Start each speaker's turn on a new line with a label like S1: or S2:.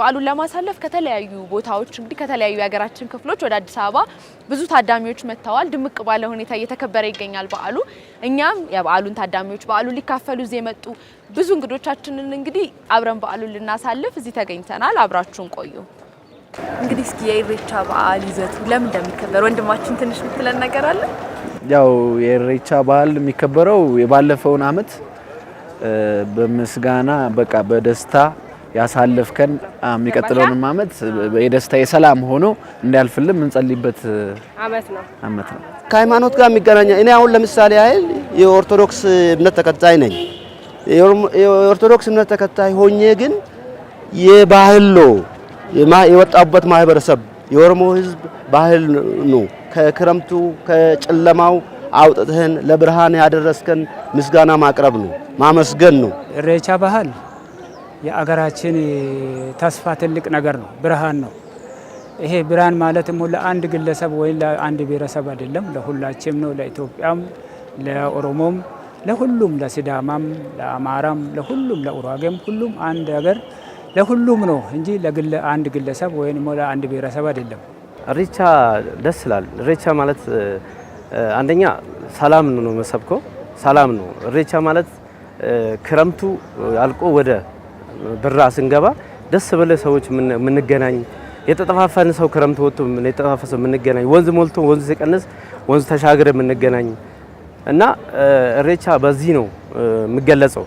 S1: በዓሉን ለማሳለፍ ከተለያዩ ቦታዎች እንግዲህ ከተለያዩ የሀገራችን ክፍሎች ወደ አዲስ አበባ ብዙ ታዳሚዎች መጥተዋል። ድምቅ ባለ ሁኔታ እየተከበረ ይገኛል በዓሉ። እኛም የበዓሉን ታዳሚዎች በዓሉን ሊካፈሉ እዚህ የመጡ ብዙ እንግዶቻችንን እንግዲህ አብረን በዓሉን ልናሳልፍ እዚህ ተገኝተናል። አብራችሁን ቆዩ።
S2: እንግዲህ እስኪ የኢሬቻ በዓል ይዘቱ ለምን እንደሚከበር ወንድማችን ትንሽ ምትለን ነገር አለ?
S3: ያው የኢሬቻ በዓል የሚከበረው የባለፈውን አመት በምስጋና በቃ በደስታ ያሳለፍከን የሚቀጥለውንም አመት የደስታ የሰላም ሆኖ እንዲያልፍልን የምንጸልይበት
S2: አመት ነው አመት ነው።
S4: ከሃይማኖት ጋር የሚገናኛ እኔ አሁን ለምሳሌ ያህል የኦርቶዶክስ እምነት ተከታይ ነኝ። የኦርቶዶክስ እምነት ተከታይ ሆኜ ግን የባህል ነው የወጣበት ማህበረሰብ የኦሮሞ ህዝብ ባህል ነው። ከክረምቱ ከጨለማው አውጥተህን ለብርሃን ያደረስከን ምስጋና ማቅረብ ነው ማመስገን ነው።
S5: ኢሬቻ ባህል የአገራችን ተስፋ ትልቅ ነገር ነው፣ ብርሃን ነው። ይሄ ብርሃን ማለት ሞ ለአንድ ግለሰብ ወይም ለአንድ ብሔረሰብ አይደለም፣ ለሁላችም ነው። ለኢትዮጵያም፣ ለኦሮሞም፣ ለሁሉም፣ ለሲዳማም፣ ለአማራም፣ ለሁሉም፣ ለኡራጌም ሁሉም አንድ ሀገር ለሁሉም ነው እንጂ ለአንድ ግለሰብ ወይም ለአንድ ብሔረሰብ አይደለም።
S3: ኢሬቻ ደስ ይላል። ኢሬቻ ማለት አንደኛ ሰላም ነው፣ መሰብኮ ሰላም ነው። ኢሬቻ ማለት ክረምቱ አልቆ ወደ ብራ ስንገባ ደስ ብለ ሰዎች የምንገናኝ የተጠፋፈን ሰው ክረምት ወጥቶ የተጠፋፈ ሰው የምንገናኝ ወንዝ ሞልቶ ወንዝ ሲቀንስ ወንዝ ተሻግረ የምንገናኝ እና እሬቻ በዚህ ነው የሚገለጸው።